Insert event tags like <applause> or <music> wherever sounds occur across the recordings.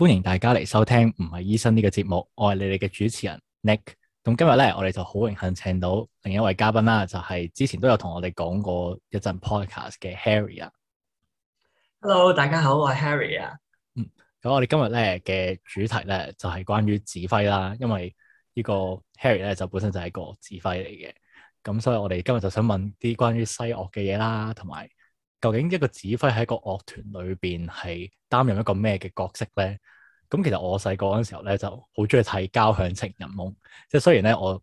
歡迎大家嚟收聽唔係醫生呢個節目，我係你哋嘅主持人 Nick。咁今日咧，我哋就好榮幸請到另一位嘉賓啦，就係之前都有同我哋講過一陣 podcast 嘅 Harry 啊。Hello，大家好，我係 Harry 啊。嗯，咁我哋今日咧嘅主題咧就係關於指揮啦，因為呢個 Harry 咧就本身就係一個指揮嚟嘅，咁所以我哋今日就想問啲關於西樂嘅嘢啦，同埋。究竟一個指揮喺個樂團裏邊係擔任一個咩嘅角色咧？咁其實我細個嗰陣時候咧就好中意睇交響情人夢，即係雖然咧我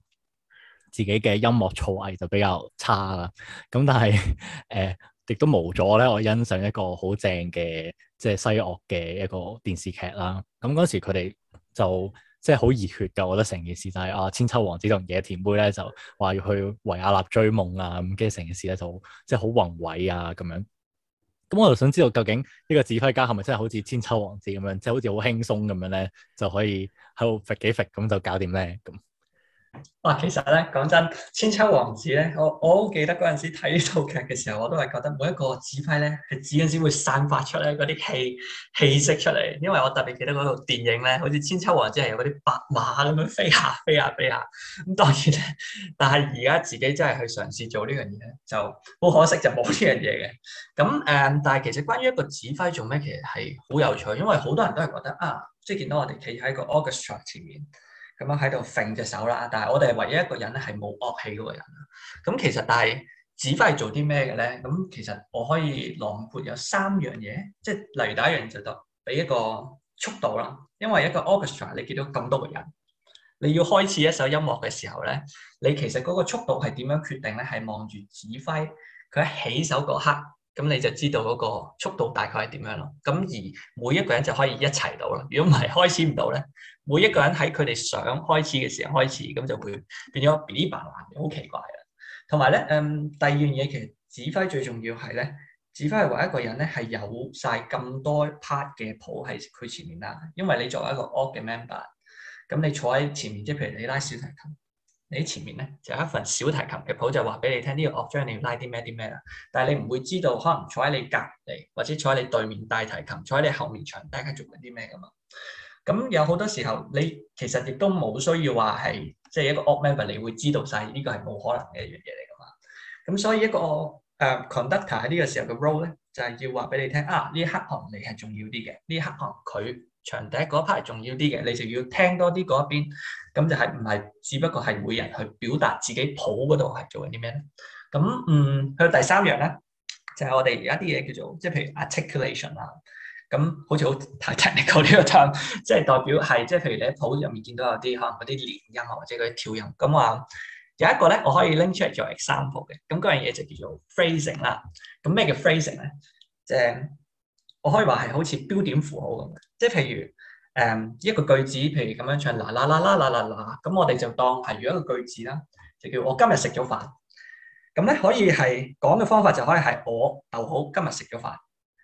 自己嘅音樂造詣就比較差啦，咁但係誒、呃、亦都無阻咧我欣賞一個好正嘅即係西樂嘅一個電視劇啦。咁嗰時佢哋就。即係好熱血㗎，我覺得成件事就係、是、啊千秋王子同野田妹咧就話要去維也納追夢啊，咁跟住成件事咧就即係好宏偉啊咁樣。咁我就想知道究竟呢個指揮家係咪真係好似千秋王子咁樣，即係好似好輕鬆咁樣咧就可以喺度揈幾揈咁就搞掂咧咁。哇、啊，其實咧講真，《千秋王子》咧，我我好記得嗰陣時睇呢套劇嘅時候，我都係覺得每一個指揮咧，係指揮先會散發出咧嗰啲氣氣息出嚟。因為我特別記得嗰套電影咧，好似《千秋王子》係有嗰啲白馬咁樣飛下飛下飛下。咁當然咧，但係而家自己真係去嘗試做呢樣嘢咧，就好可惜就冇呢樣嘢嘅。咁誒、嗯，但係其實關於一個指揮做咩，其實係好有趣，因為好多人都係覺得啊，即係見到我哋企喺個 orchestra 前面。咁樣喺度揈隻手啦，但係我哋唯一一個人咧係冇樂器嗰個人啦。咁其實但係指揮做啲咩嘅咧？咁其實我可以囊括有三樣嘢，即係例如第一樣就得，俾一個速度啦。因為一個 orchestra 你見到咁多個人，你要開始一首音樂嘅時候咧，你其實嗰個速度係點樣決定咧？係望住指揮佢喺起手嗰刻。咁你就知道嗰個速度大概係點樣咯。咁而每一個人就可以一齊到啦。如果唔係開始唔到咧，每一個人喺佢哋想開始嘅時候開始，咁就會變咗嗶哩巴啦好奇怪啊！同埋咧，嗯，第二樣嘢其實指揮最重要係咧，指揮係話一個人咧係有晒咁多 part 嘅譜喺佢前面啦。因為你作為一個 all 嘅 member，咁你坐喺前面，即係譬如你拉小提琴。你前面咧就有一份小提琴嘅譜，就話、是、俾你聽呢、這個樂章你要拉啲咩啲咩啦。但係你唔會知道，可能坐喺你隔離或者坐喺你對面大提琴，坐喺你後面長，大家做緊啲咩噶嘛？咁有好多時候，你其實亦都冇需要話係即係一個樂 m e 你會知道晒呢個係冇可能嘅一樣嘢嚟噶嘛？咁所以一個誒、uh, conductor 喺呢個時候嘅 role 咧，就係、是、要話俾你聽啊，呢黑行你係重要啲嘅，呢黑行佢。長第一 part 重要啲嘅，你就要聽多啲嗰一邊，咁就係唔係？只不過係每人去表達自己譜嗰度係做緊啲咩咧？咁嗯，去第三樣咧，就係、是、我哋而家啲嘢叫做，即係譬如 articulation 啦。咁好似好太 technical 呢 <laughs> 個 part 即係代表係，即係譬如你喺譜入面見到有啲可能嗰啲連音啊，或者嗰啲跳音。咁話有一個咧，我可以拎出嚟做 example 嘅。咁嗰樣嘢就叫做 phrasing 啦 phr。咁咩叫 phrasing 咧？即係我可以話係好似標點符號咁。即係譬如誒一個句子，譬如咁樣唱嗱嗱嗱嗱嗱嗱嗱，咁我哋就當係一個句子啦，就叫我今日食咗飯。咁咧可以係講嘅方法就可以係我逗好今日食咗飯，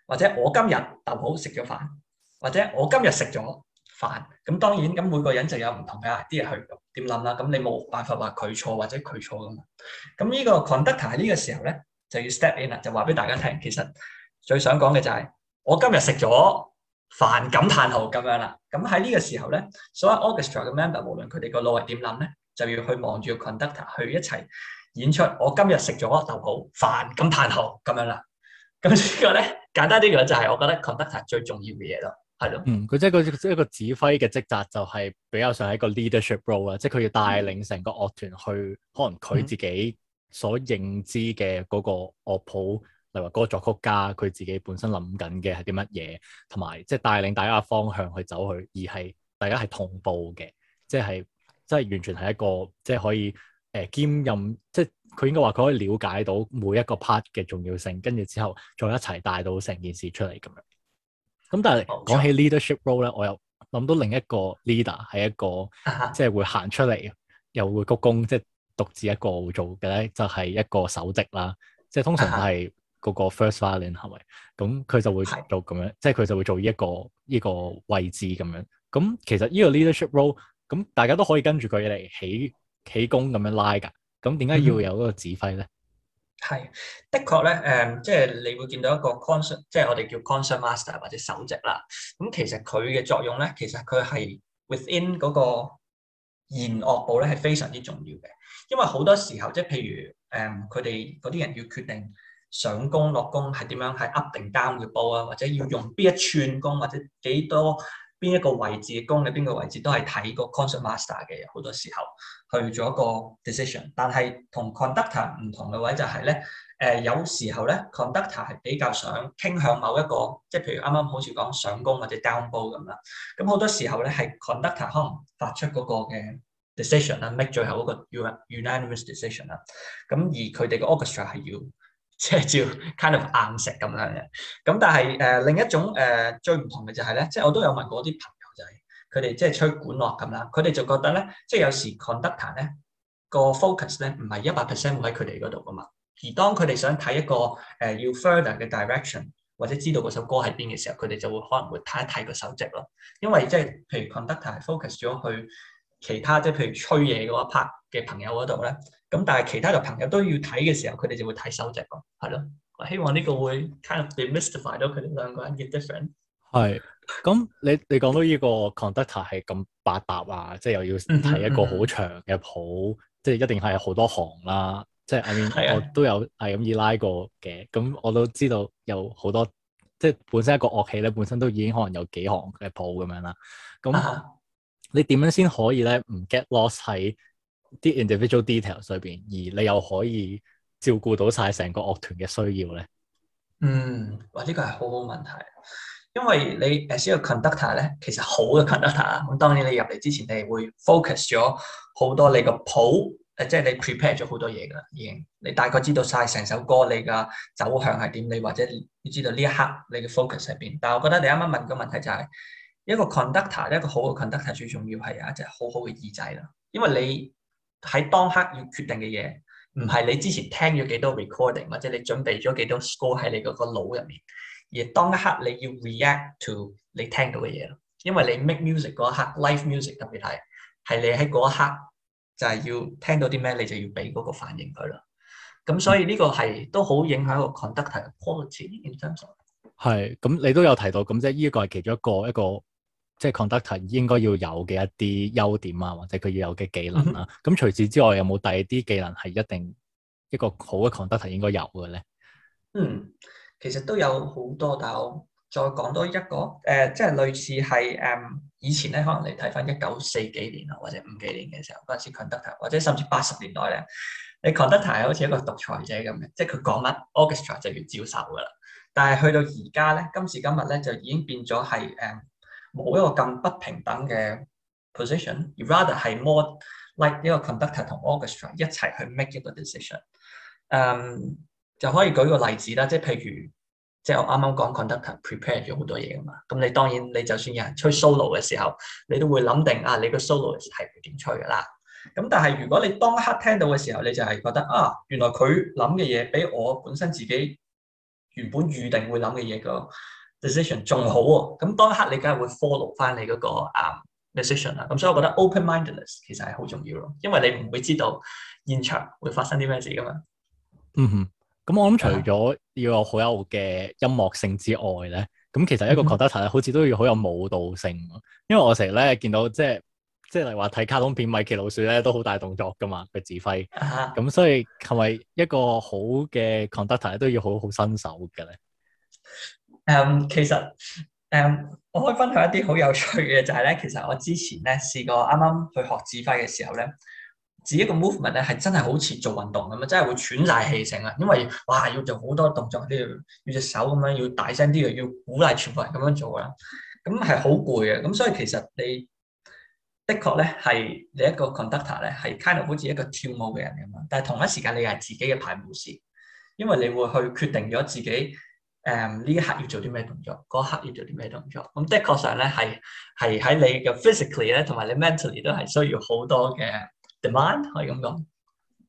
或者我今日逗好食咗飯，或者我今日食咗飯。咁當然咁每個人就有唔同嘅啲人去點諗啦。咁你冇辦法話佢錯或者佢錯噶嘛。咁呢個 conductor 呢個時候咧就要 step in 啦，就話俾大家聽。其實最想講嘅就係、是、我今日食咗。凡感嘆號咁樣啦，咁喺呢個時候咧，所有 orchestra 嘅 member 無論佢哋個腦係點諗咧， <noise> 就要去望住 conductor 去一齊演出。我今日食咗個樂譜，凡感嘆號咁樣啦。咁呢個咧，簡單啲講就係，我覺得 conductor 最重要嘅嘢咯，係咯。嗯，佢即係一個一個指揮嘅職責，就係比較上係一個 leadership role 啦，即係佢要帶領成個樂團去，嗯、可能佢自己所認知嘅嗰個樂譜、嗯。例如話，個作曲家佢自己本身諗緊嘅係啲乜嘢，同埋即係帶領大家嘅方向去走去，而係大家係同步嘅，即係即係完全係一個即係可以誒、呃、兼任，即係佢應該話佢可以了解到每一個 part 嘅重要性，跟住之後再一齊帶到成件事出嚟咁樣。咁但係講、嗯、起 leadership role 咧，我又諗到另一個 leader 係一個即係、嗯、會行出嚟又會鞠躬，即係獨自一個做嘅咧，就係、是、一個首席啦，即、就、係、是、通常係。嗰個 first violin 係咪？咁佢就會做到咁樣，的即係佢就會做呢一個呢個位置咁樣。咁其實呢個 leadership role，咁大家都可以跟住佢嚟起起弓咁樣拉㗎。咁點解要有嗰個指揮咧？係的，的確咧，誒、嗯，即係你會見到一個 concert，即係我哋叫 concert master 或者首席啦。咁其實佢嘅作用咧，其實佢係 within 嗰個弦樂部咧係非常之重要嘅，因為好多時候，即係譬如誒，佢哋嗰啲人要決定。上弓落弓係點樣？係 up 定 down 嘅波啊，或者要用邊一串弓，或者幾多邊一個位置嘅弓，喺邊個位置都係睇個 concert master 嘅，好多時候去咗個 decision。但係 cond 同 conductor 唔同嘅位就係、是、咧，誒、呃、有時候咧 conductor 係比較想傾向某一個，即係譬如啱啱好似講上弓或者 down bow 咁啦。咁好多時候咧係 conductor 可能發出嗰個嘅 decision 啦，make 最後嗰個 un unanimous decision 啦。咁而佢哋嘅 orchestra 係要。即係照 kind of 硬食咁樣嘅，咁但係誒另一種誒最唔同嘅就係咧，即係我都有問過啲朋友就係，佢哋即係吹管樂咁啦，佢哋就覺得咧，即係有時 conductor 咧個 focus 咧唔係一百 percent 會喺佢哋嗰度噶嘛，而當佢哋想睇一個誒、呃、要 further 嘅 direction 或者知道嗰首歌喺邊嘅時候，佢哋就會可能會睇一睇個首席咯，因為即係譬如 conductor focus 咗去其他即係譬如吹嘢嗰一 part 嘅朋友嗰度咧。咁但係其他嘅朋友都要睇嘅時候，佢哋就會睇手跡咯，係咯。我希望呢個會 kind of demystify 到佢哋兩個人嘅 difference。係。咁你你講到呢個 conductor 係咁百搭啊，即係又要睇一個好長嘅譜，mm hmm. 即係一定係好多行啦。即係 I mean, 的我都有係咁意拉過嘅，咁我都知道有好多，即係本身一個樂器咧，本身都已經可能有幾行嘅譜咁樣啦。咁、uh huh. 你點樣先可以咧唔 get lost 喺？啲 individual detail 上邊，而你又可以照顧到晒成個樂團嘅需要咧。嗯，哇！呢個係好好問題。因為你誒需要 conductor 咧，conductor, 其實好嘅 conductor，咁當然你入嚟之前，你會 focus 咗好多你個譜，誒即係你 prepare 咗好多嘢㗎啦，已經。你大概知道晒成首歌你嘅走向係點，你或者你知道呢一刻你嘅 focus 係邊。但係我覺得你啱啱問個問題就係一個 conductor，一個好嘅 conductor 最重要係有一隻好好嘅耳仔啦，因為你。喺當刻要決定嘅嘢，唔係你之前聽咗幾多 recording，或者你準備咗幾多 score 喺你嗰個腦入面，而當一刻你要 react to 你聽到嘅嘢咯。因為你 make music 嗰一刻，live music 特別係，係你喺嗰一刻就係要聽到啲咩，你就要俾嗰個反應佢咯。咁所以呢個係都好影響一個 conducting quality，in some sense。係，咁你都有提到，咁即係呢一個係其中一個一個。即係 conductor 應該要有嘅一啲優點啊，或者佢要有嘅技能啊。咁、嗯、哼除此之外，有冇第二啲技能係一定一個好嘅 conductor 應該有嘅咧？嗯，其實都有好多，但我再講多一個誒、呃，即係類似係誒、嗯、以前咧，可能你睇翻一九四幾年啊，或者五幾年嘅時候，嗰陣時 conductor，或者甚至八十年代咧，你 conductor 好似一個獨裁者咁嘅，即係佢講乜 orchestra 就要接受噶啦。但係去到而家咧，今時今日咧，就已經變咗係誒。嗯冇一個咁不平等嘅 position，rather 係 more like 呢個 conductor 同 orchestra 一齊去 make 呢個 decision。誒，就可以舉個例子啦，即係譬如，即係我啱啱講 conductor prepare 咗好多嘢啊嘛，咁你當然你就算有人吹 solo 嘅時候，你都會諗定啊，你個 solo 係點吹㗎啦。咁但係如果你當刻聽到嘅時候，你就係覺得啊，原來佢諗嘅嘢比我本身自己原本預定會諗嘅嘢個 decision 仲好喎，啊，咁、嗯、當刻你梗係會 follow 翻你嗰，那個啊 decision 啦，咁所以我覺得 open-mindedness 其實係好重要咯，因為你唔會知道現場會發生啲咩事噶嘛。嗯哼，咁、嗯、我諗除咗要有好有嘅音樂性之外咧，咁、嗯、其實一個 conductor 好似都要好有舞蹈性，因為我成日咧見到即係即係話睇卡通片米奇老鼠咧都好大動作噶嘛，佢指揮。咁、啊、所以係咪一個好嘅 conductor 都要好好新手嘅咧？誒，um, 其實誒，um, 我可以分享一啲好有趣嘅，就係咧，其實我之前咧試過啱啱去學指揮嘅時候咧，自己個 movement 咧係真係好似做運動咁樣，真係會喘晒氣聲啊，因為哇要做好多動作，都要隻手咁樣要大聲啲嘅，要鼓勵全部人咁樣做啦，咁係好攰嘅，咁所以其實你的確咧係你一個 conductor 咧係 kind of 好似一個跳舞嘅人咁樣，但係同一時間你又係自己嘅排舞師，因為你會去決定咗自己。誒呢、um, 一刻要做啲咩動作，嗰刻要做啲咩動作？咁的確上咧係係喺你嘅 physically 咧，同埋你 mentally 都係需要好多嘅 demand，可以咁講。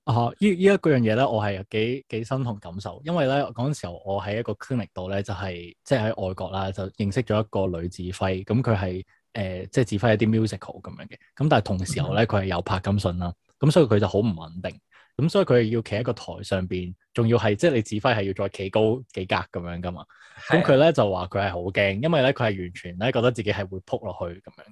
啊，呢呢一樣嘢咧，我係幾幾身同感受，因為咧嗰陣時候我喺一個 clinic 度咧，就係即係喺外國啦，就認識咗一個女指揮，咁佢係誒即係指揮一啲 musical 咁樣嘅，咁但係同時候咧佢係有柏金遜啦，咁所以佢就好唔穩定。咁所以佢要企喺個台上邊，仲要係即係你指揮係要再企高幾格咁樣噶嘛？咁佢咧就話佢係好驚，因為咧佢係完全咧覺得自己係會撲落去咁樣嘅。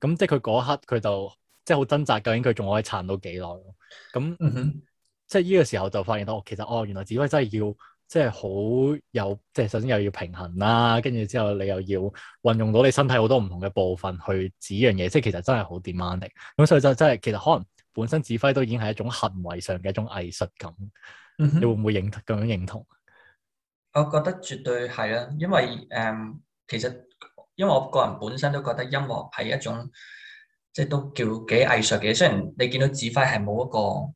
咁即係佢嗰刻佢就即係好掙扎，究竟佢仲可以撐到幾耐？咁、嗯、哼即係呢個時候就發現到，其實哦原來指揮真係要即係好有，即係首先又要平衡啦，跟住之後你又要運用到你身體好多唔同嘅部分去指依樣嘢，即係其實真係好 demanding。咁所以就真係其實可能。本身指揮都已經係一種行為上嘅一種藝術感，嗯、哼你會唔會認咁樣認同？我覺得絕對係啊！因為誒、嗯，其實因為我個人本身都覺得音樂係一種，即係都叫幾藝術嘅。雖然你見到指揮係冇一個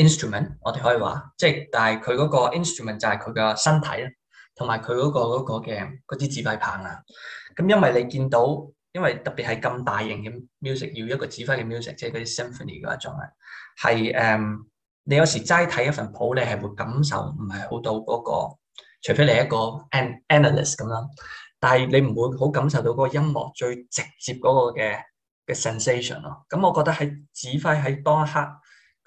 instrument，我哋可以話，即係但係佢嗰個 instrument 就係佢個身體啦，同埋佢嗰個嗰個嘅嗰支指揮棒啊。咁因為你見到。因為特別係咁大型嘅 music，要一個指揮嘅 music，即係嗰啲 symphony 嗰一種啊，係誒，um, 你有時齋睇一份譜，你係會感受唔係好到嗰個，除非你係一個 an analyst 咁啦，但係你唔會好感受到嗰個音樂最直接嗰個嘅嘅 sensation 咯。咁我覺得喺指揮喺當一刻，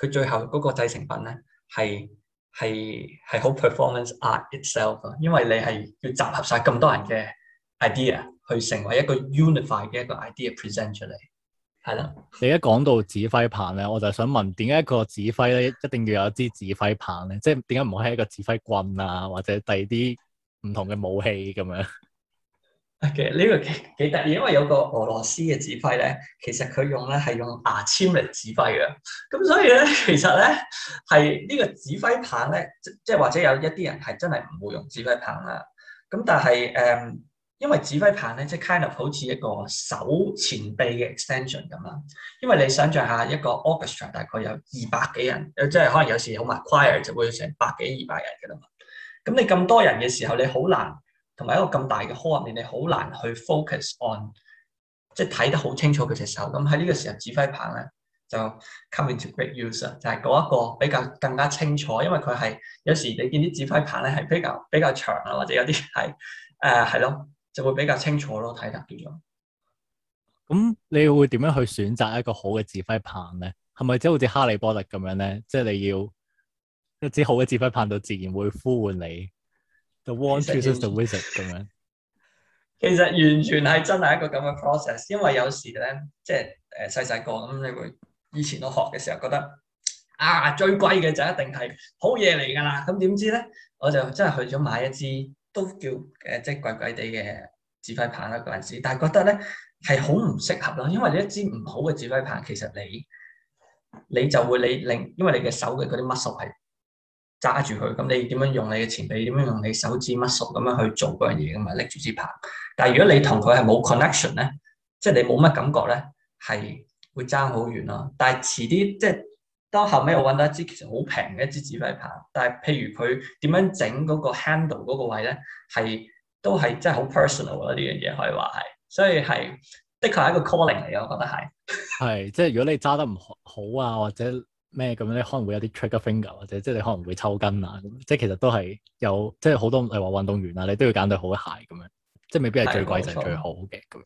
佢最後嗰個製成品咧係係係好 performance art itself，因為你係要集合晒咁多人嘅 idea。去成為一個 unify 嘅一個 idea present 出嚟，係啦。你一講到指揮棒咧，我就想問，點解一個指揮咧一定要有一支指揮棒咧？即係點解唔可以係一個指揮棍啊，或者第二啲唔同嘅武器咁樣 okay，其，其實呢個幾幾得意，因為有個俄羅斯嘅指揮咧，其實佢用咧係用牙籤嚟指揮嘅。咁所以咧，其實咧係呢個指揮棒咧，即係或者有一啲人係真係唔會用指揮棒啦。咁但係誒。嗯因為指揮棒咧，即係 kind of 好似一個手前臂嘅 extension 咁啦。因為你想象一下一個 orchestra 大概有二百幾人，即係可能有時有埋 choir 就會成百幾二百人嘅啦嘛。咁你咁多人嘅時候，你好難同埋一個咁大嘅 hall 入面，你好難去 focus on，即係睇得好清楚佢隻手。咁喺呢個時候，指揮棒咧就 come into great use，就係嗰一個比較更加清楚，因為佢係有時你見啲指揮棒咧係比較比較長啊，或者有啲係誒係咯。就會比較清楚咯，睇得叫做。咁你會點樣去選擇一個好嘅指揮棒咧？係咪即係好似哈利波特咁樣咧？即係你要一支好嘅指揮棒，到自然會呼喚你。The wand chooses the wizard 咁樣。其實完全係真係一個咁嘅 process，因為有時咧，即係誒細細個咁你會以前都學嘅時候覺得啊最貴嘅就一定係好嘢嚟噶啦，咁點知咧我就真係去咗買一支。都叫誒，即係怪怪地嘅指揮棒啦嗰陣時，但係覺得咧係好唔適合咯，因為你一支唔好嘅指揮棒，其實你你就會你令，因為你嘅手嘅嗰啲 muscle 係揸住佢，咁你點樣用你嘅前臂，點樣用你手指 muscle 咁樣去做嗰樣嘢，咁嘛？拎住支棒。但係如果你同佢係冇 connection 咧、嗯，即係你冇乜感覺咧，係會爭好遠咯。但係遲啲即係。就是當後尾我揾到一支其實好平嘅一支指揮棒，但係譬如佢點樣整嗰個 handle 嗰個位咧，係都係真係好 personal 咯。呢樣嘢可以話係，所以係的確係一個 calling 嚟嘅，我覺得係。係，即係如果你揸得唔好啊，或者咩咁咧，可能會有啲 trigger finger 或者即係你可能會抽筋啊，即係其實都係有即係好多例如話運動員啊，你都要揀對好嘅鞋咁樣，即係未必係最貴就係最好嘅咁樣。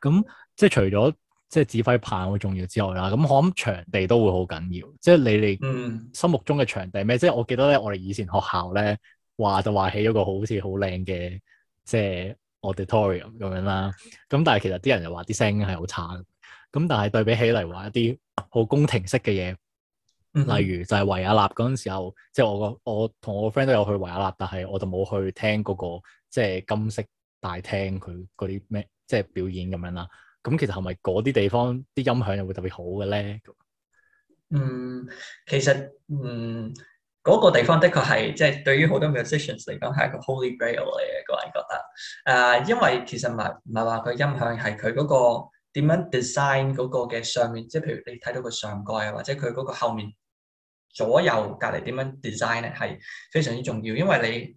咁錯即係除咗。即係指揮棒好重要之外啦，咁我諗場地都會好緊要。即係你哋心目中嘅場地咩？嗯、即係我記得咧，我哋以前學校咧話就話起咗個好似好靚嘅，即係 Auditorium 咁樣啦。咁但係其實啲人又話啲聲音係好差。咁但係對比起嚟話一啲好宮廷式嘅嘢，例如就係維也納嗰陣時候，即係、嗯、我個我同我個 friend 都有去維也納，但係我就冇去聽嗰、嗰個即係金色大廳佢嗰啲咩即係表演咁樣啦。咁其實係咪嗰啲地方啲音響又會特別好嘅咧？嗯，其實嗯嗰個地方的確係即係對於好多 musicians 嚟講係一個 holy grail 嚟嘅，個人覺得。誒、呃，因為其實唔唔係話個音響係佢嗰個點樣 design 嗰個嘅上面，即係譬如你睇到個上蓋啊，或者佢嗰個後面左右隔離點樣 design 咧，係非常之重要，因為你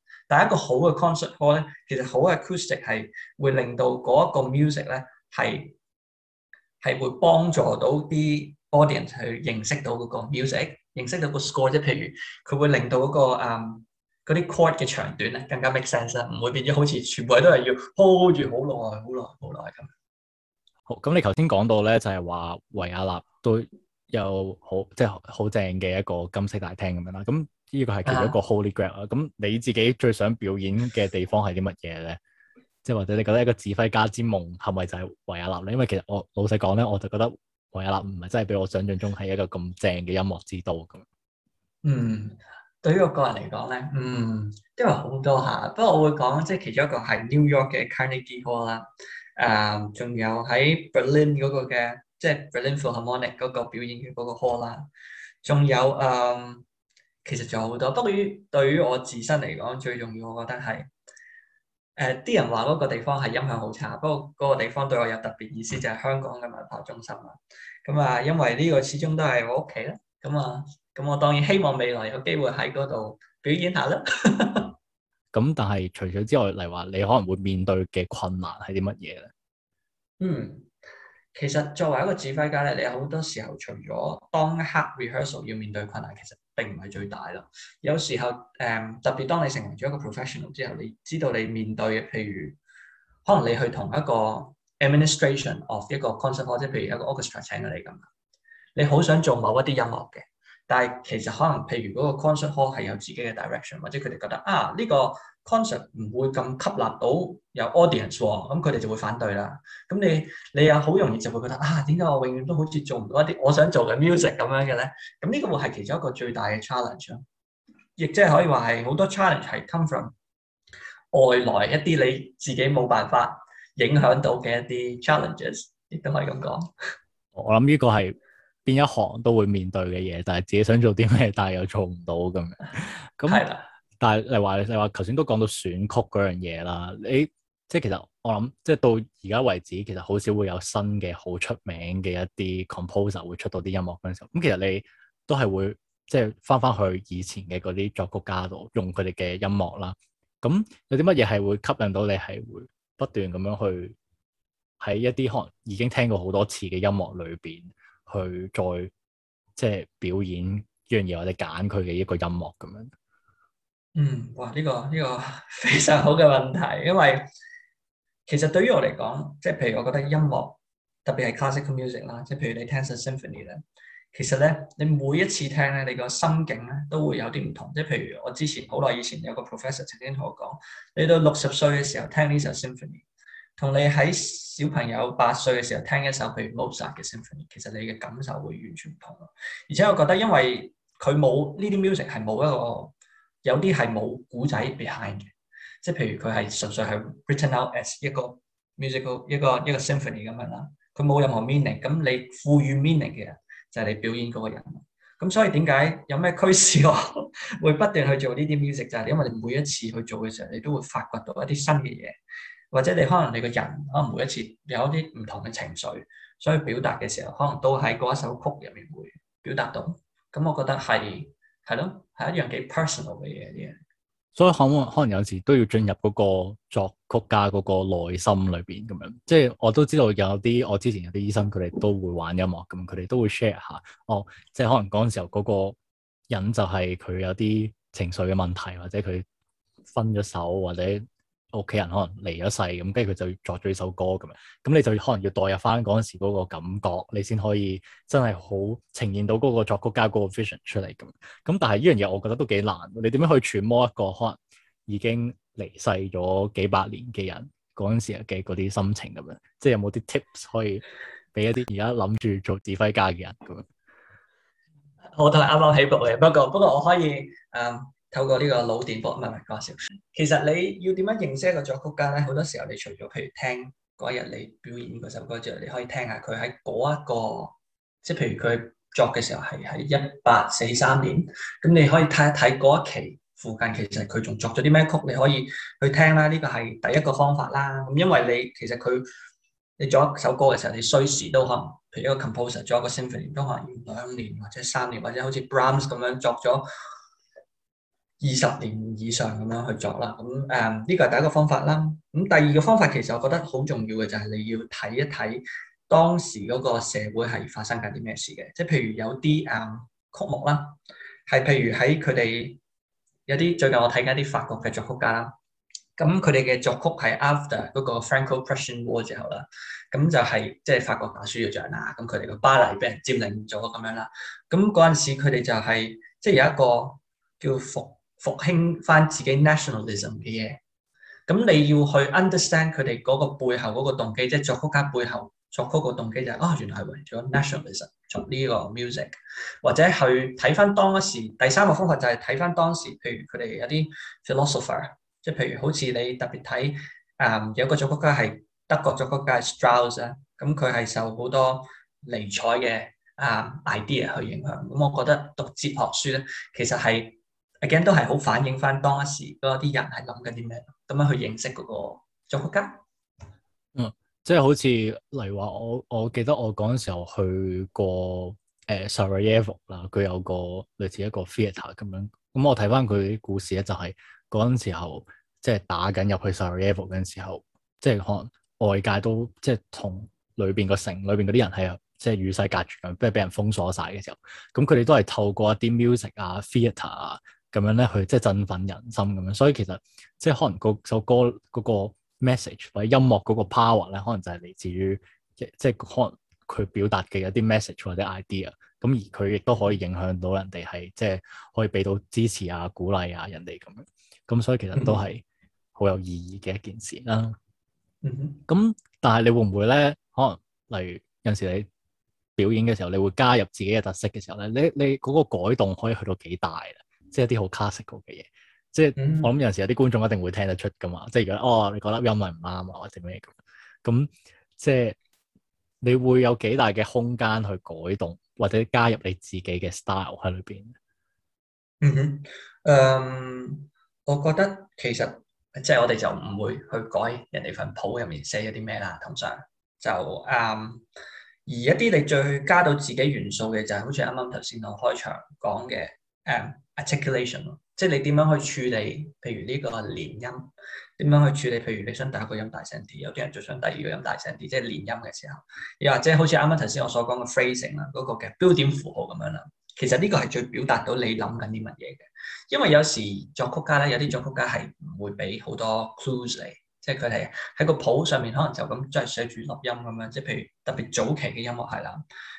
但係一個好嘅 concert hall 咧，其實好 acoustic 係會令到嗰一個 music 咧係係會幫助到啲 audience 去認識到嗰個 music，認識到個 score 即譬如佢會令到嗰、嗰個誒嗰啲 chord 嘅長短咧更加 make sense 啦，唔會變咗好似全部都係要 hold 住好耐、好耐、好耐咁。好咁，你頭先講到咧就係話維也納都有好即係好正嘅一個金色大廳咁樣啦，咁。呢個係其中一個 holy grail 啊！咁你自己最想表演嘅地方係啲乜嘢咧？即係 <laughs> 或者你覺得一個指揮家之夢係咪就係維也納咧？因為其實我老實講咧，我就覺得維也納唔係真係比我想象中係一個咁正嘅音樂之都咁。嗯，對於我個人嚟講咧，嗯，因為好多吓，不過我會講即係其中一個係 New York 嘅 Carnegie Hall 啦、嗯，誒，仲、就、有、是、喺 Berlin 嗰個嘅即係 Berlin Philharmonic 嗰個表演嘅嗰個 hall 啦，仲有誒。嗯其實仲有好多，不過於對於我自身嚟講，最重要，我覺得係誒啲人話嗰個地方係音響好差，不過嗰個地方對我有特別意思，就係、是、香港嘅文化中心啦。咁啊，因為呢個始終都係我屋企啦。咁啊，咁我當然希望未來有機會喺嗰度表演下啦。咁、 <laughs> 嗯、但係除咗之外，例如話你可能會面對嘅困難係啲乜嘢咧？嗯，其實作為一個指揮家咧，你好多時候除咗當刻 rehearsal 要面對困難，其實～並唔係最大啦。有時候，誒、嗯、特別當你成為咗一個 professional 之後，你知道你面對嘅，譬如，可能你去同一個 administration of 一個 concert hall，即係譬如一個 orchestra 請你咁，你好想做某一啲音樂嘅，但係其實可能譬如嗰個 concert hall 係有自己嘅 direction，或者佢哋覺得啊呢、呢個，通常唔會咁吸納到有 audience 喎，咁佢哋就會反對啦。咁你你又好容易就會覺得啊，點解我永遠都好似做唔到一啲我想做嘅 music 咁樣嘅咧？咁呢個會係其中一個最大嘅 challenge。亦即係可以話係好多 challenge 係 come from 外來一啲你自己冇辦法影響到嘅一啲 challenges，亦都可以咁講。我諗呢個係邊一行都會面對嘅嘢，但係自己想做啲咩，但係又做唔到咁樣。咁係啦。 <laughs> 但係，你話你話頭先都講到選曲嗰樣嘢啦。你即係其實我諗，即係到而家為止，其實好少會有新嘅好出名嘅一啲 composer 會出到啲音樂嗰時候。咁其實你都係會即係翻翻去以前嘅嗰啲作曲家度，用佢哋嘅音樂啦。咁有啲乜嘢係會吸引到你係會不斷咁樣去喺一啲可能已經聽過好多次嘅音樂裏邊去再即係表演呢樣嘢，或者揀佢嘅一個音樂咁樣。嗯，哇！呢個呢個非常好嘅問題，因為其實對於我嚟講，即係譬如我覺得音樂，特別係 classical music 啦，即係譬如你聽首 symphony 咧，其實咧你每一次聽咧，你個心境咧都會有啲唔同。即係譬如我之前好耐以前有個 professor 曾經同我講，你到六十歲嘅時候聽呢首 symphony，同你喺小朋友八歲嘅時候聽一首譬如 Mozart 嘅 symphony，其實你嘅感受會完全唔同咯。而且我覺得因為佢冇呢啲 music 係冇一個。有啲係冇古仔 behind 嘅，即係譬如佢係純粹係 written out as 一個 musical 一個一個 symphony 咁樣啦，佢冇任何 meaning。咁你賦予 meaning 嘅就係你表演嗰個人。咁所以點解有咩驅使我會不斷去做呢啲 music 就係因為你每一次去做嘅時候，你都會發掘到一啲新嘅嘢，或者你可能你個人可能每一次有一啲唔同嘅情緒，所以表達嘅時候可能都喺嗰一首曲入面會表達到。咁我覺得係係咯。係一樣幾 personal 嘅嘢，啲嘢，所以可能可能有時都要進入嗰個作曲家嗰個內心裏邊咁樣。即係我都知道有啲我之前有啲醫生佢哋都會玩音樂，咁佢哋都會 share 下，我、哦、即係可能嗰陣時候嗰個人就係佢有啲情緒嘅問題，或者佢分咗手，或者。屋企人可能離咗世，咁跟住佢就作咗呢首歌咁樣，咁你就可能要代入翻嗰陣時嗰個感覺，你先可以真係好呈現到嗰個作曲家嗰個 vision 出嚟咁。咁但係呢樣嘢，我覺得都幾難。你點樣去揣摩一個可能已經離世咗幾百年嘅人嗰陣時嘅嗰啲心情咁樣？即係有冇啲 tips 可以俾一啲而家諗住做指揮家嘅人咁樣？我都係啱啱起步嘅，不過不過我可以誒。嗯透過呢個腦電波，唔係唔係，講笑。其實你要點樣認識一個作曲家咧？好多時候，你除咗譬如聽嗰一日你表演嗰首歌之後，你可以聽下佢喺嗰一個，即係譬如佢作嘅時候係喺一八四三年，咁你可以睇一睇嗰一期附近，其實佢仲作咗啲咩曲，你可以去聽啦。呢個係第一個方法啦。咁因為你其實佢你作一首歌嘅時候，你隨時都可能，譬如一個 composer 作一個 symphony 都可能要兩年或者三年，或者好似 Brams 咁樣作咗，二十年以上咁樣去作啦，咁誒呢個係第一個方法啦。咁第二個方法其實我覺得好重要嘅就係你要睇一睇當時嗰個社會係發生緊啲咩事嘅，即係譬如有啲誒曲目啦，係譬如喺佢哋有啲最近我睇緊啲法國嘅作曲家啦，咁佢哋嘅作曲係 after 嗰個 Franco-Prussian War 之後啦，咁就係即係法國打輸咗仗啦，咁佢哋個巴黎俾人佔領咗咁樣啦，咁嗰陣時佢哋就係即係有一個叫馮。復興翻自己 nationalism 嘅嘢，咁你要去 understand 佢哋嗰個背後嗰個動機，即係作曲家背後作曲個動機就係啊，原來係為咗 nationalism 做呢個 music，或者去睇翻當時第三個方法就係睇翻當時，譬如佢哋有啲 philosopher，即係譬如好似你特別睇啊，有個作曲家係德國作曲家 Strauss 啊，咁佢係受好多尼采嘅啊 idea 去影響，咁我覺得讀哲學書咧，其實係。Again 都係好反映翻當時嗰啲人係諗緊啲咩，咁樣去認識嗰個作家。嗯，即係好似例如話我，我記得我嗰陣時候去過誒 Sarajevo 啦，佢有個類似一個 theatre 咁樣。咁我睇翻佢啲故事咧，就係嗰陣時候即係打緊入去 Sarajevo 嗰時候，即係可能外界都即係同裏邊個城裏邊嗰啲人係即係與世隔絕咁，即係俾人封鎖晒嘅時候。咁佢哋都係透過一啲 music 啊、theatre 啊。咁樣咧，佢即係振奮人心咁樣，所以其實即係可能嗰首歌嗰個 message 或者音樂嗰個 power 咧，可能就係嚟自於即係可能佢表達嘅一啲 message 或者 idea，咁而佢亦都可以影響到人哋係即係可以俾到支持啊、鼓勵啊人哋咁樣，咁所以其實都係好有意義嘅一件事啦。咁、嗯、哼但係你會唔會咧？可能例如有時你表演嘅時候，你會加入自己嘅特色嘅時候咧，你你嗰個改動可以去到幾大啊？即係一啲好 classical 嘅嘢，即係我諗有陣時有啲觀眾一定會聽得出噶嘛。即係如果哦，你覺得有咪唔啱啊，或者咩咁？咁即係你會有幾大嘅空間去改動，或者加入你自己嘅 style 喺裏邊。嗯哼，誒、嗯，我覺得其實即係、就是、我哋就唔會去改人哋份譜入面寫咗啲咩啦，通常就啱、嗯。而一啲你最加到自己元素嘅就係好似啱啱頭先我開場講嘅誒。嗯 Articulation 咯，Art ulation，即係你點樣去處理，譬如呢個連音，點樣去處理？譬如你想第一個音大聲啲，有啲人就想第二個音大聲啲，即係連音嘅時候，又或者好似啱啱頭先我所講嘅 phrasing 啦，嗰個嘅標點符號咁樣啦，其實呢個係最表達到你諗緊啲乜嘢嘅，因為有時作曲家咧，有啲作曲家係唔會畀好多 clues 你。即係佢哋喺個譜上面，可能就咁即係寫住錄音咁樣。即係譬如特別早期嘅音樂係啦，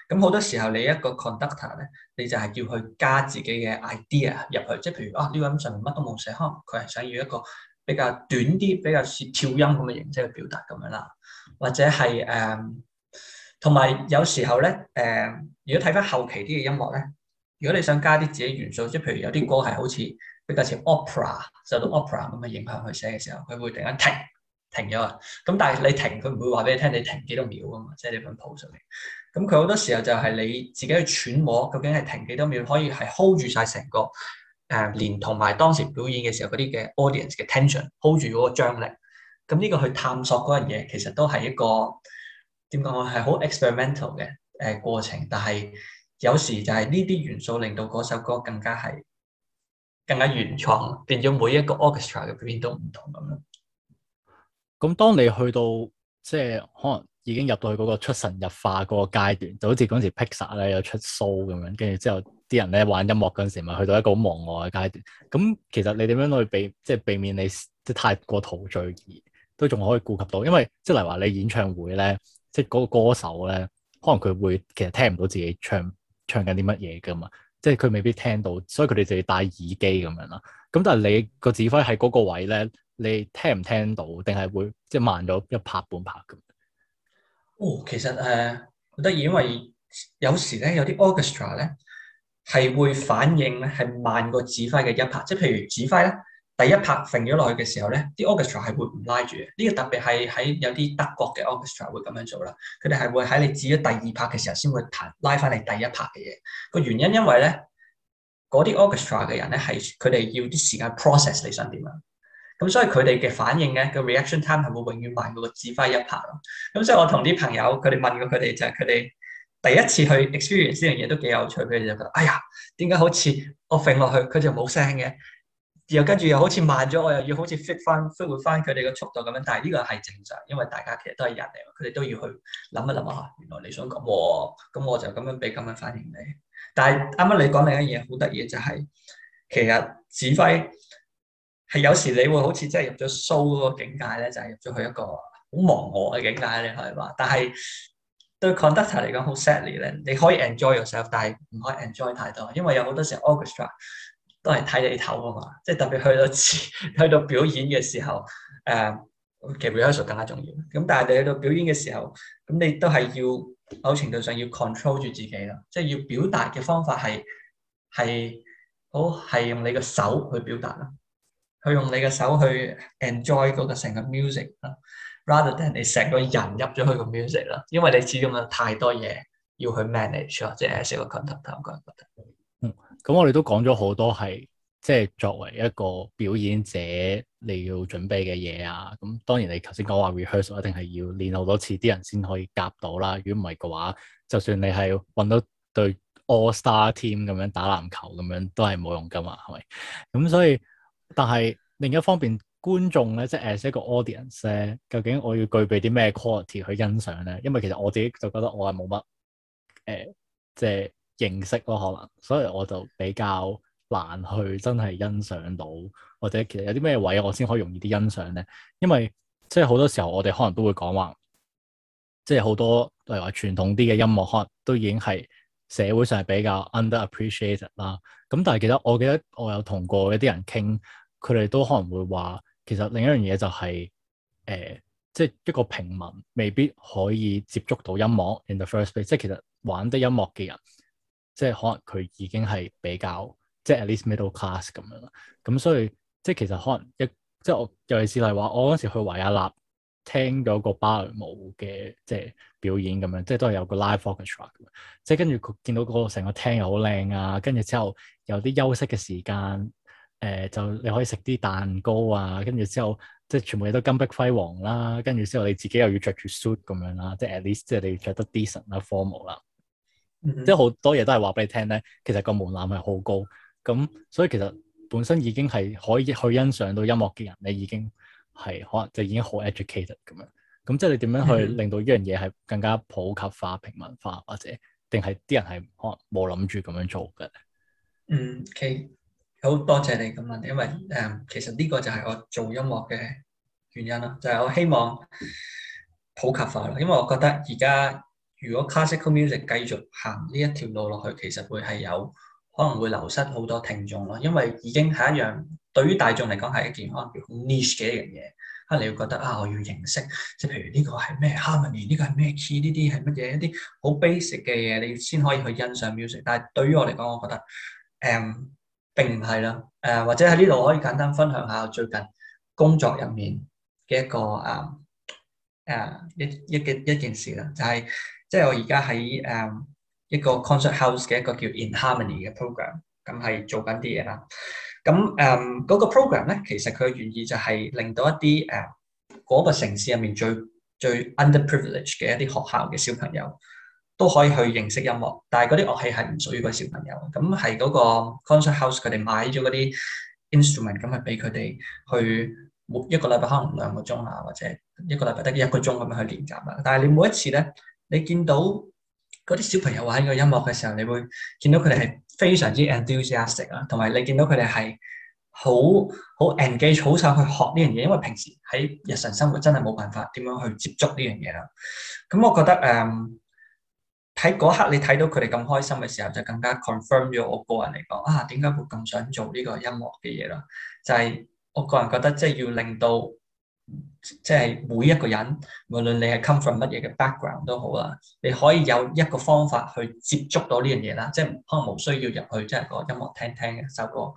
咁好多時候你一個 conductor 咧，你就係要去加自己嘅 idea 入去。即係譬如啊，呢個音上面乜都冇寫，可能佢係想要一個比較短啲、比較似跳音咁嘅形式去表達咁樣啦，或者係誒，同埋有時候咧誒，如果睇翻後期啲嘅音樂咧，如果你想加啲自己元素，即係譬如有啲歌係好似比較似 opera 受到 opera 咁嘅影響去寫嘅時候，佢會突然間停。停咗啊！咁但係你停，佢唔會話俾你聽你停幾多秒啊嘛，即係你份譜上嚟。咁佢好多時候就係你自己去揣摩，究竟係停幾多秒可以係 hold 住晒成個誒、嗯、連同埋當時表演嘅時候嗰啲嘅 audience 嘅 tension，hold 住嗰個張力。咁呢個去探索嗰樣嘢，其實都係一個點講話係好 experimental 嘅誒過程。但係有時就係呢啲元素令到嗰首歌更加係更加原創，變咗每一個 orchestra 嘅表演都唔同咁樣。咁當你去到即係可能已經入到去嗰個出神入化嗰個階段，就好似嗰 Pixar 咧有出 s o 蘇咁樣，跟住之後啲人咧玩音樂嗰陣時，咪去到一個好忘我嘅階段。咁其實你點樣去避，即係避免你即係太過陶醉而都仲可以顧及到，因為即係例如話你演唱會咧，即係嗰個歌手咧，可能佢會其實聽唔到自己唱唱緊啲乜嘢噶嘛，即係佢未必聽到，所以佢哋就要戴耳機咁樣啦。咁但係你個指揮喺嗰個位咧。你聽唔聽到？定係會即係慢咗一拍半拍咁？哦，其實誒，好得意，因為有時咧有啲 orchestra 咧係會反應咧係慢過指揮嘅一拍，即係譬如指揮咧第一拍揈咗落去嘅時候咧，啲 orchestra 係會唔拉住嘅。呢個特別係喺有啲德國嘅 orchestra 會咁樣做啦。佢哋係會喺你指咗第二拍嘅時候先會彈拉翻嚟第一拍嘅嘢。個原因因為咧嗰啲 orchestra 嘅人咧係佢哋要啲時間 process 你想點啊？咁、嗯、所以佢哋嘅反應咧，個 reaction time 係會永遠慢過個指揮一拍咯。咁、嗯、所以我同啲朋友，佢哋問過佢哋就係佢哋第一次去 experience 呢樣嘢都幾有趣，佢哋就覺得，哎呀，點解好似我揈落去佢就冇聲嘅，然後跟住又好似慢咗，我又要好似 fit 翻 fit 回翻佢哋嘅速度咁樣。但係呢個係正常，因為大家其實都係人嚟，佢哋都要去諗一諗啊，原來你想咁喎，咁我就咁樣俾咁樣反應你。但係啱啱你講另一樣嘢好得意就係、是，其實指揮。係有時你會好似即係入咗 show 嗰個境界咧，就係、是、入咗去一個好忘我嘅境界你可以話。但係對 conductor 嚟講好 sadly 咧，你可以 enjoy yourself，但係唔可以 enjoy 太多，因為有好多時候 orchestra 都係睇你頭啊嘛。即係特別去到去到表演嘅時候，誒、呃、其實更加重要。咁但係你去到表演嘅時候，咁你都係要某程度上要 control 住自己咯，即、就、係、是、要表達嘅方法係係好係用你個手去表達啦。佢用你嘅手去 enjoy 嗰個成個 music 啊，rather than 你成個人入咗去個 music 啦。因為你始終有太多嘢要去 manage 或者係成個 content 嚟講，覺得。嗯，咁我哋都講咗好多係，即係作為一個表演者你要準備嘅嘢啊。咁當然你頭先講話 rehearsal 一定係要練好多次，啲人先可以夾到啦。如果唔係嘅話，就算你係揾到對 all star team 咁樣打籃球咁樣，都係冇用噶嘛，係咪？咁所以。但係另一方面，觀眾咧，即係 as 一個 audience 咧，究竟我要具備啲咩 quality 去欣賞咧？因為其實我自己就覺得我係冇乜誒，即係認識咯，可能所以我就比較難去真係欣賞到，或者其實有啲咩位我先可以容易啲欣賞咧？因為即係好多時候我哋可能都會講話，即係好多例如話傳統啲嘅音樂，可能都已經係社會上係比較 underappreciated 啦。咁但係其實我記得我有同過一啲人傾。佢哋都可能會話，其實另一樣嘢就係、是，誒、呃，即係一個平民未必可以接觸到音樂。In the first place，即係其實玩得音樂嘅人，即係可能佢已經係比較，即係 at least middle class 咁樣啦。咁所以，即係其實可能一，即係我，尤其是例如話，我嗰時去維也納聽咗個芭蕾舞嘅即係表演咁樣，即係都係有個 live orchestra。即係跟住佢見到嗰個成個廳又好靚啊，跟住之後有啲休息嘅時間。誒就你可以食啲蛋糕啊，跟住之後即係全部嘢都金碧輝煌啦、啊，跟住之後你自己又要着住 suit 咁樣啦、啊，即係 at least 即係你要着得 decent 啦 formal 啦，即係好多嘢都係話俾你聽咧。其實個門檻係好高，咁所以其實本身已經係可以去欣賞到音樂嘅人，你已經係可能就已經好 educated 咁樣。咁即係你點樣去令到依樣嘢係更加普及化、平民化，或者定係啲人係可能冇諗住咁樣做嘅？嗯，K、mm。Kay. 好多謝你咁問，因為誒、嗯，其實呢個就係我做音樂嘅原因咯，就係、是、我希望普及化咯。因為我覺得而家如果 classical music 繼續行呢一條路落去，其實會係有可能會流失好多聽眾咯。因為已經係一樣對於大眾嚟講係一件可能叫 niche 嘅一樣嘢。啊，可能你會覺得啊，我要認識，即係譬如呢個係咩 harmony，呢個係咩 key，呢啲係乜嘢一啲好 basic 嘅嘢，你先可以去欣賞 music。但係對於我嚟講，我覺得誒。嗯並唔係啦，誒或者喺呢度可以簡單分享下最近工作入面嘅一個啊啊、uh, uh, 一一嘅一件事啦，就係即係我而家喺誒一個 concert house 嘅一個叫 In Harmony 嘅 program，咁係做緊啲嘢啦。咁誒嗰個 program 咧，其實佢嘅原意就係令到一啲誒嗰個城市入面最最 underprivileged 嘅一啲學校嘅小朋友。都可以去認識音樂，但係嗰啲樂器係唔屬於個小朋友。咁係嗰個 concert house，佢哋買咗嗰啲 instrument，咁咪俾佢哋去每一個禮拜可能兩個鐘啊，或者一個禮拜得一個鐘咁樣去練習啦。但係你每一次咧，你見到嗰啲小朋友玩個音樂嘅時候，你會見到佢哋係非常之 enthusiastic 啦，同埋你見到佢哋係好好 engage 好想去學呢樣嘢，因為平時喺日常生活真係冇辦法點樣去接觸呢樣嘢啦。咁我覺得誒。嗯喺嗰刻你睇到佢哋咁開心嘅時候，就更加 confirm 咗我個人嚟講啊，點解會咁想做呢個音樂嘅嘢啦？就係我個人覺得，即係要令到即係每一個人，無論你係 come from 乜嘢嘅 background 都好啦，你可以有一個方法去接觸到呢樣嘢啦。即係可能冇需要入去，即係個音樂聽聽嘅一首歌。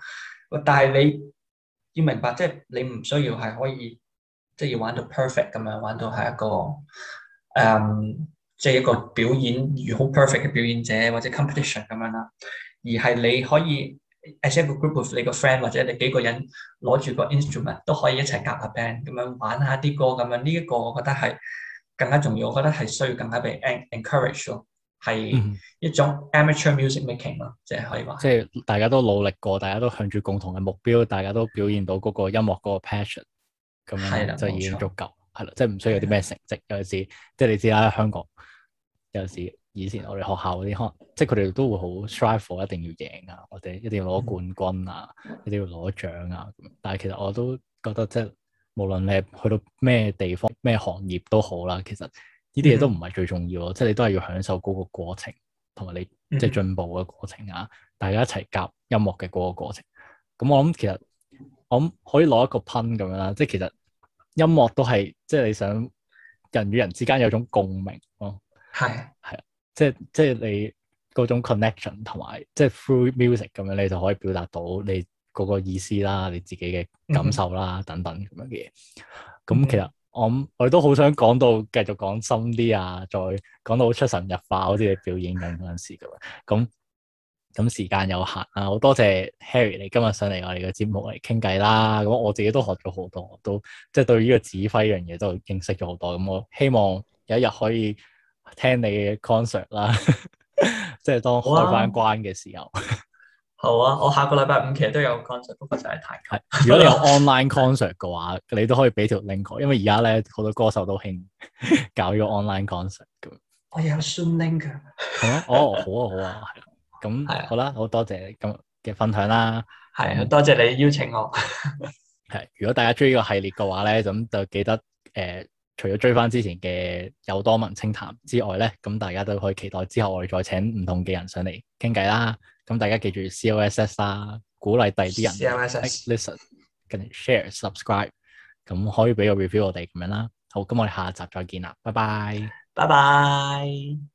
但係你要明白，即係你唔需要係可以，即係要玩到 perfect 咁樣，玩到係一個誒。嗯即係一個表演如好 perfect 嘅表演者，或者 competition 咁樣啦，而係你可以 as 一個 group of 你個 friend 或者你幾個人攞住個 instrument 都可以一齊夾下 band 咁樣玩下啲歌咁樣。呢一個我覺得係更加重要，我覺得係需要更加被 encourage 咯。係一種 amateur music making 咯，即係可以話。即係大家都努力過，大家都向住共同嘅目標，大家都表現到嗰個音樂嗰個 passion，咁樣就係啦，已經足夠。係啦，即係唔需要有啲咩成績，有時即係你知啦、啊。香港有時以前我哋學校嗰啲，即係佢哋都會好 strive 一定要贏啊，或者一定要攞冠軍、嗯、啊，一定要攞獎啊。但係其實我都覺得，即係無論你去到咩地方、咩行業都好啦，其實呢啲嘢都唔係最重要咯。嗯、即係你都係要享受嗰個過程，同埋你即係進步嘅過程、嗯、啊，大家一齊夾音樂嘅嗰個過程。咁我諗其實我諗可以攞一個 pen 咁樣啦，即係其實。音樂都係即係你想人與人之間有種共鳴咯，係係即係即係你嗰種 connection 同埋即係 through music 咁樣，你就可以表達到你嗰個意思啦、你自己嘅感受啦、嗯、哼等等咁樣嘅嘢。咁其實我我都好想講到繼續講深啲啊，再講到出神入化好似你表演緊嗰陣時咁。嗯哼咁時間有限啊！好多謝 Harry 你今日上嚟我哋嘅節目嚟傾偈啦。咁我自己都學咗好多，都即係對呢個指揮一樣嘢都認識咗好多。咁我希望有一日可以聽你嘅 concert 啦，即係當開翻關嘅時候。好啊。好啊，我下個禮拜五其實都有 concert，不過就係彈琴。如果你有 online concert 嘅話， <laughs> 你都可以俾條 link 我，因為而家咧好多歌手都興搞個 online concert。咁呵樣我有 send link。係哦，好啊，好啊，好啊好啊 <laughs> 咁那的好啦，好多謝咁嘅分享啦。係的、嗯、多謝你邀請我。係， <laughs> 如果大家追呢個系列嘅話咧，咁就記得誒、呃，除咗追翻之前嘅有多聞清談之外咧，咁大家都可以期待之後我哋再請唔同嘅人上嚟傾偈啦。咁大家記住 COSS 啦，鼓勵第二啲人 C ms. like, listen 跟 share and subscribe，咁可以俾個 review 我哋咁樣啦。好，咁我哋下集再見啦，拜拜，拜拜。